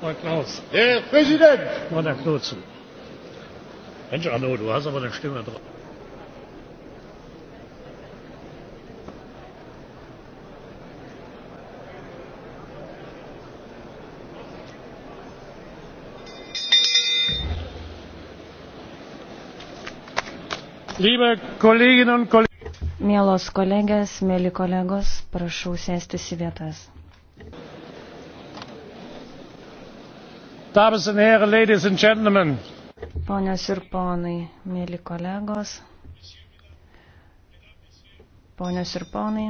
Herr Klaus. Herr Präsident! Mal der Klo zu. Mensch, Arno, du hast aber eine Stimme drauf. Mielos kolegės, mėly kolegos, prašau sėstis į vietas. Dames and here, ladies and gentlemen. Ponios ir ponai, mėly kolegos. Ponios ir ponai.